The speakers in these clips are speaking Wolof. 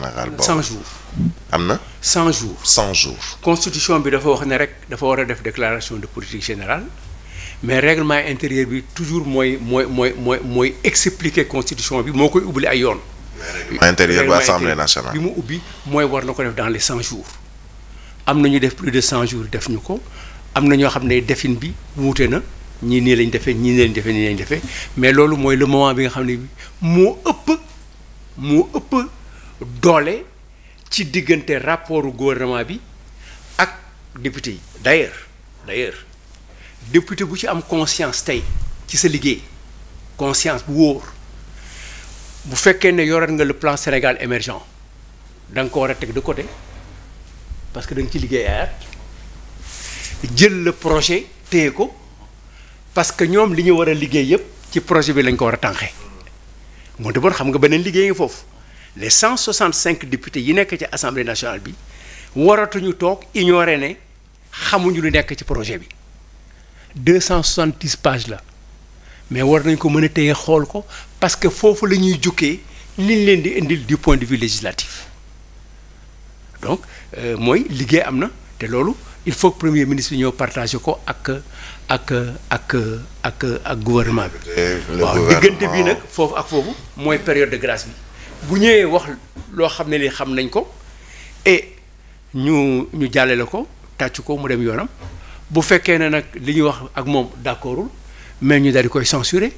Sénégal boobu cent jours. am na. cent jours cent jours. constitution bi dafa wax ne rek dafa war a def déclaration de politique général mais règlement intérieur bi toujours mooy mooy mooy mooy mooy expliquer constitution bi moo koy ubbi ay yoon. règlement intérieur bu assemblée nationale bi mu ubbi mooy war na ko def dans les cent jours. am na ñu def plus de cent jours def ñu ko am na ñoo xam ne defin bi wute na ñii nii lañ defee ñii nii lañ defee nii lañ mais loolu mooy le moment bi nga xam ne moo ëpp moo ëpp. doole ci diggante rapportu gouvernement bi ak député yi d'ailleurs d'ailleurs député bu ci am conscience tey ci sa liggéey conscience bu wóor bu fekkee ne yoroon nga le plan Sénégal émergent da ko war a teg de côté parce que da nga ci liggéey ayaat jël le projet téye ko parce que ñoom li ñu war a liggéey yépp ci projet bi lañ ko war a tànqee moo de xam nga beneen liggéey foofu les 165 députés yi nekk ci assemblée nationale bi waratuñu toog ignoré ne xamuñu lu nekk ci projet bi 270 pages la mais war nañ ko mën a téye xool ko parce que foofu la ñuy jukkee liñ leen di indil du point de vue législatif donc euh, mooy liggéey am na te loolu il faut premier ministre ñoo partagé ko ak ak ak ak ak gouvernement bi waaw diggante bi nag foofu ak foofu mooy période de grâce bi bu ñëwee wax loo xam ne lii xam nañ ko e ñu ñu jàllale ko tàcc ko mu dem yoonam bu fekkee ne nag li ñuy wax ak moom d'accordul mais ñu daldi koy censurer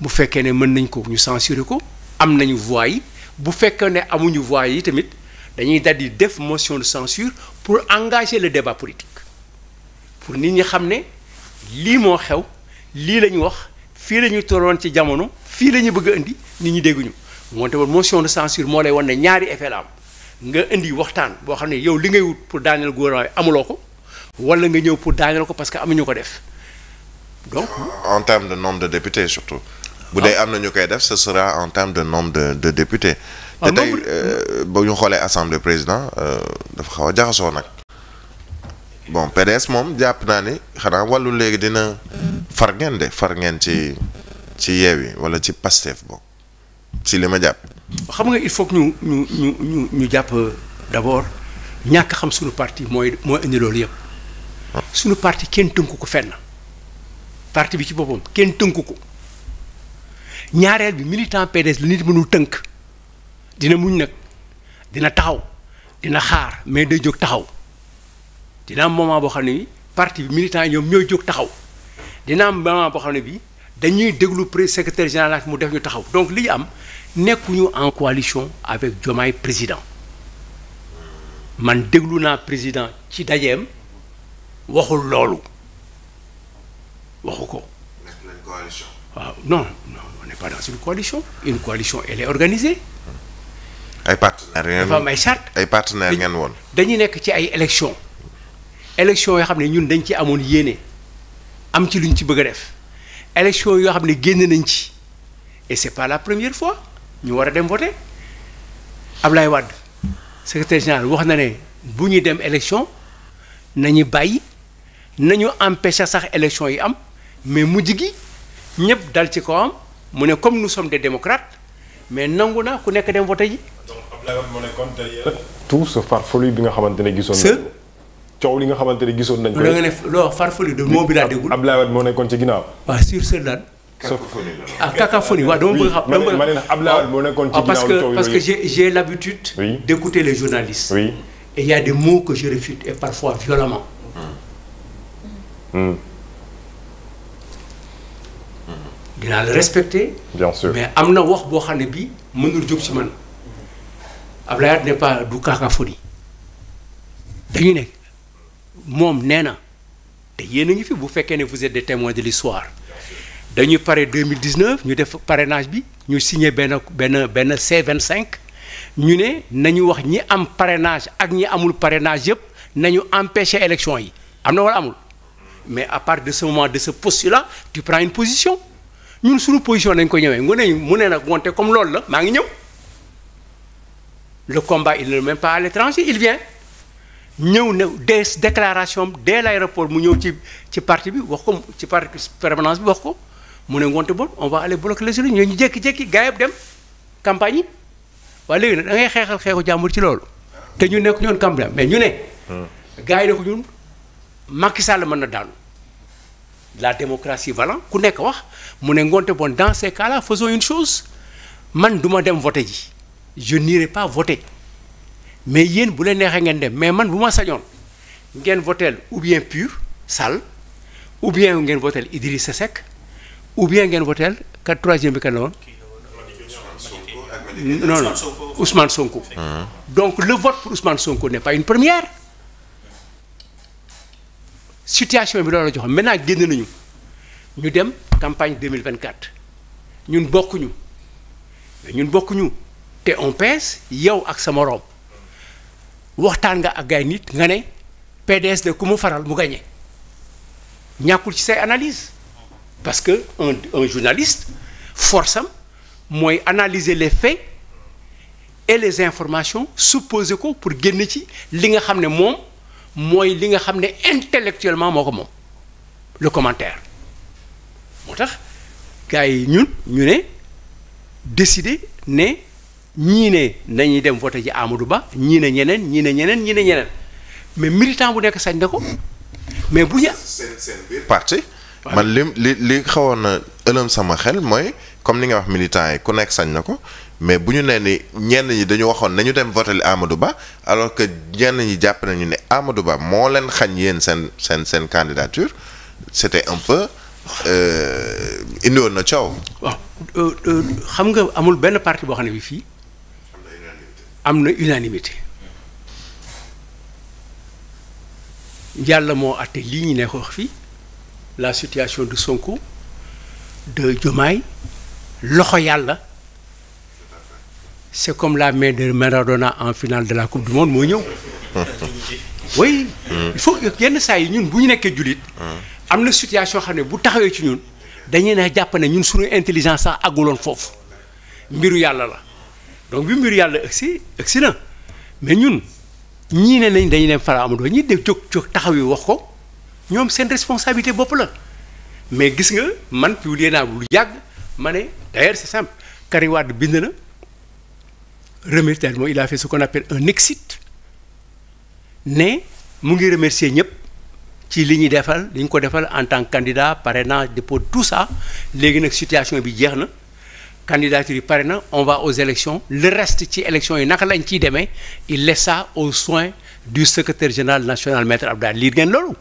bu fekkee ne mën nañ ko ñu censurer ko am nañu voix yi bu fekkee ne amuñu voix yi tamit dañuy daal di def motion de censure pour engager le débat politique pour nit ñi xam ne lii moo xew lii la ñu wax fii la ñu tolloon ci jamono fii la ñu bëgg a indi nit ñi dégguñu moo tax motion de censure moo lay wan ne ñaari effet la am nga indi waxtaan boo xam ne yow li ngay wut pour daaneel gouvernement amuloo ko wala nga ñëw pour daaneel ko parce que amuñu ko def donc. en terme de nombre de députés surtout. bu dee ah. am na ñu koy def ce sera en terme de nombre de de députés. Ah, te tey euh, ba ñu xoolee assemblée président euh, dafa xaw a jaxasoo nag. bon PDS moom jàpp naa ni xanaa wallu léegi dina far ngeen de far ngeen ci ci yeewi wala ci Pastef bokk. si li ma jàpp. xam nga il faut ñu ñu ñu ñu ñu jàpp d' abord ñàkk xam suñu parti mooy mooy indi loolu yëpp. suñu parti kenn tënku ko fenn. parti bi ci boppam kenn tënku ko ñaareel bi militant PDS la nit mënul tënk dina muñ nag dina taxaw dina xaar mais day jóg taxaw dina am moment boo xam ne bi parti bi militant ñoom ñooy jóg taxaw dina am moment boo xam ne bi dañuy déglu secrétaire général mu def ñu taxaw donc li am nekkuñu en coalition avec jomaay président man déglu naa président ci dajeem waxul loolu waxu ko. coalition. waaw non non on n'est pas dans une coalition une coalition elle est organisée. ay partenaires dafa am ay ay partenaires ngeen woon. dañuy nekk ci ay élections élections yoo xam ne ñun dañ ci amoon yéene am ci luñ ci bëgg a def. élection yoo xam ne génn nañ ci et c'est pas la première fois ñu war a dem voter Ablaye Wade secrétaire général wax na ne bu ñuy dem élection nañu bàyyi nañu empêcher sax élection yi am mais mujj gi ñëpp dal ci ko am mu ne comme nous sommes des démocrates mais nangu na ku nekk dem voter ji. donc Ablaye Wade moo nekkoon euh, tout bi nga xamante ne gisoon. coow li nga xamante ne gisoon nañ ko. da nga ne non farfelu de moo bi laa déggul. Abdoulaye Wade moo nekkoon ci ginnaaw. waaw sur ce lan. cacophonie la ah, dama bëgg xam dama bëgg. ma ah, parce que parce que l'habitude. d'écouter les journalistes. et il y a des mots que je réfute et parfois violemment. Hmm. Hmm. dinaa la respecter. bien sûr mais am na wax boo xam ne bii mënul jóg ci man Abdoulaye Wade n'est pas du cacophonie dañu nekk. moom nee na te yéen a ngi fi bu fekkee ne vous de des témoins de l'histoire dañuy pare 2019 ñu def parrainage bi ñu signé benn benn benn c cinq ñu ne nañu wax ñi am parenage ak ñi amul parrainage yëpp nañu empêcher élection yi am na wala amul mais à partir de ce moment de ce postulat tu prends une position ñun suñu position dañ ko ñëwee mu ne mu ne nag wonte comme loolu la maa ngi ñëw le combat il n'est même pas à l'étranger il vient ñëw ne des déclaration dès l'aéroport mu ñëw ci ci parti bi wax ko ci parti permanence bi wax ko mu ne ngonte bon on va aller bloquer les rues ñoo ñu jékki-jékki gaa yëpp dem campagne yi waaye léegi nag da ngay xeexal xeexu jàmbur ci loolu te ñu nekk ñoon campagne mais ñu ne hmm. gaa yi ne ko ñun Macky Sall mën na daanu la démocratie valant ku nekk wax mu ne ngonte bon dans ces cas là faisons une chose man duma dem voter ji je n'irai pas voter mais yéen bu leen neexee ngeen dem mais man bu ma sañoon ngeen votel ou bien pur Sall ou bien ngeen voteel Idrissa Seck ou bien ngeen voteel kat troisième bi kan la woon non Sonko donc le vote pour Ousmane Sonko n'est pas une première situation bi loolu la joxoon maintenant génn nañu ñu dem campagne 2024 ñun bokkuñu ñun bokkuñu te on pèse yow ak sa moroom waxtaan nga ak ay nit nga ne PDS de ku mu faral mu gagné ñàkkul ci say analyse parce que un un journaliste force am mooy analyser les faits et les informations supposé ko pour génn ci li nga xam ne moom mooy li nga xam ne intellectuellement moo ko moom le commentaire moo tax gars yi ñun ñu ne décider ne. ñii ne nañuy dem voté ji Amadou Ba ñii ne ñeneen ñii ne ñeneen ñii ne mais militant bu nekk sañ na ko mais bu ñu. seen man li li xawoon na ëlëm sama xel mooy comme ni nga wax militant yi ku nekk sañ na ko mais bu ñu nee ni ñenn ñi dañu waxoon nañu dem voté li Amadou Ba alors que ñenn ñi jàpp nañu ne Amadou Ba moo leen xañ yéen seen seen seen candidature et un peu. Euh, indiwoon na coow. waaw euh, euh, xam nga amul benn parti boo xam ne bi fii. am na unanimité yàlla moo àtte lii ñu nekk wax fii la situation de Sonko de Diomaye loxo yàlla c'est comme la mais de Maradona en finale de la coupe du monde moo ñëw. oui. Hmm. yenn saa yi ñun bu ñu nekkee jullit. Hmm. am na situation xam ne bu taxawee ci ñun dañu ne jàpp ne ñun suñu intelligence sax àgguloon foofu mbiru yàlla la. donc bi mbir yàlla ak si na mais ñun ñii ne nañ dañu dem Fara Amadou ñi def jóg jóg taxaw yi wax ko ñoom seen responsabilité bopp la mais gis nga man publié naa lu jàgg ma ne d'ailleurs c'est simple Karim bind na remercier moom il a fait ce qu'on appelle un exit ne mu ngi remercier ñëpp ci li ñuy defal li ñu ko defal en tant que candidat parrainage dépôt tout ça léegi nag situation bi jeex na candidature yi pare na on va aux élections le rest ci élections yi naka lañ ciy demee il laisse ça aux soins du secrétaire général national maître Abdoulaye liir ngeen loolu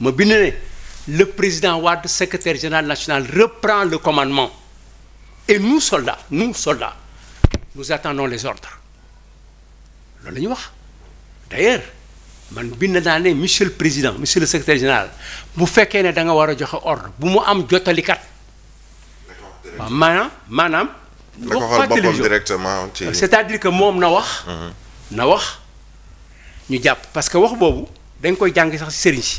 ma bind ne le président Wade secretaire général national reprend le commandement et nous soldats nous soldats nous attendons les ordres loolu la ñu wax d'ailleurs man bind naa ne monsieur le président monsieur le secrétaire général bu fekkee ne da nga war a joxe ordre bu mu am jotalikat waa ah, maanaam maanaam. na ko xool que moom na wax. Mhm. na wax ñu jàpp parce que wax boobu dañ koy jàng sax si sëriñ si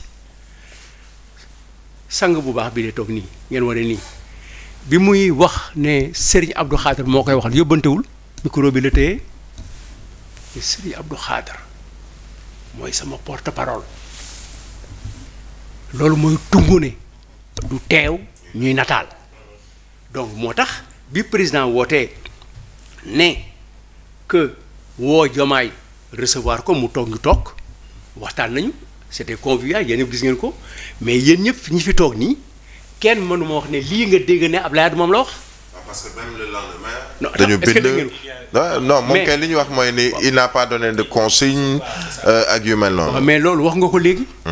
sang bu baax bi de toog nii ngeen wane nii bi muy wax ne sëriñ Abdou Khader moo koy waxal yóbbantewul micro bi la téye te sëriñ Abdou Khader mooy sama porte parole loolu mooy tungu ne du teew ñuy nataal. donc moo tax bi président wootee ne que woo jomaay recevoir ko mu toog ñu toog waxtaan nañu c'était convivial yéen ñëpp gis ngeen ko mais yéen ñëpp ñi fi toog nii kenn mënu ma wax ne lii nga dégg ne Abdoulaye moom la wax. Ah, parce que même le lendemain. dañu bind moom kay li ñu wax mooy ni il n'a pas donné de consigne euh, ak yu mel noonu. mais loolu wax nga ko léegi. da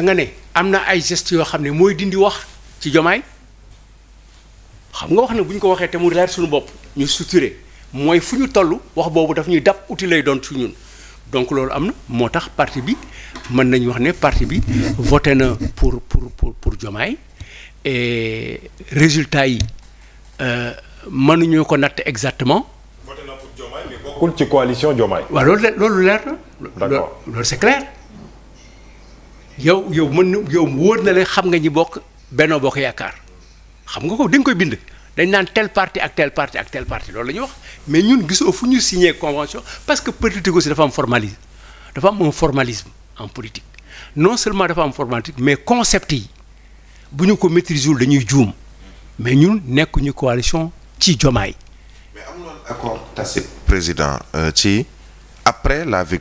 hmm. nga ne am na ay gestes yoo xam ne mooy dindi wax ci jomaay. xam nga wax na bu ñu ko waxee te mu leer suñu bopp ñu structuré mooy fu ñu tollu wax boobu daf ñuy dab uti lay doon su ñun donc loolu am na moo tax parti bi mën nañu wax ne parti bi voté na pour pour pour pour Diomaye et résultat yi euh, mënuñu ko natt exactement. voté bokkul ci coalition Diomaye. waaw loolu loolu leer na. loolu c'est clair. yow yow mën na yow wóor na leen xam nga ñi bokk Benno Bokk Yaakaar. xam nga ko dañ koy bind dañ naan tel parti ak tel parti ak tel parti loolu la wax mais ñun gisoo fu ñu signé convention parce que politique aussi dafa am formalisme dafa am un formalisme en politique non seulement dafa am formalisme mais concept yi bu ñu ko maîtriser dañuy juum mais ñun nekk ñu coalition ci jomaay. mais am na président euh, ci après la victoire.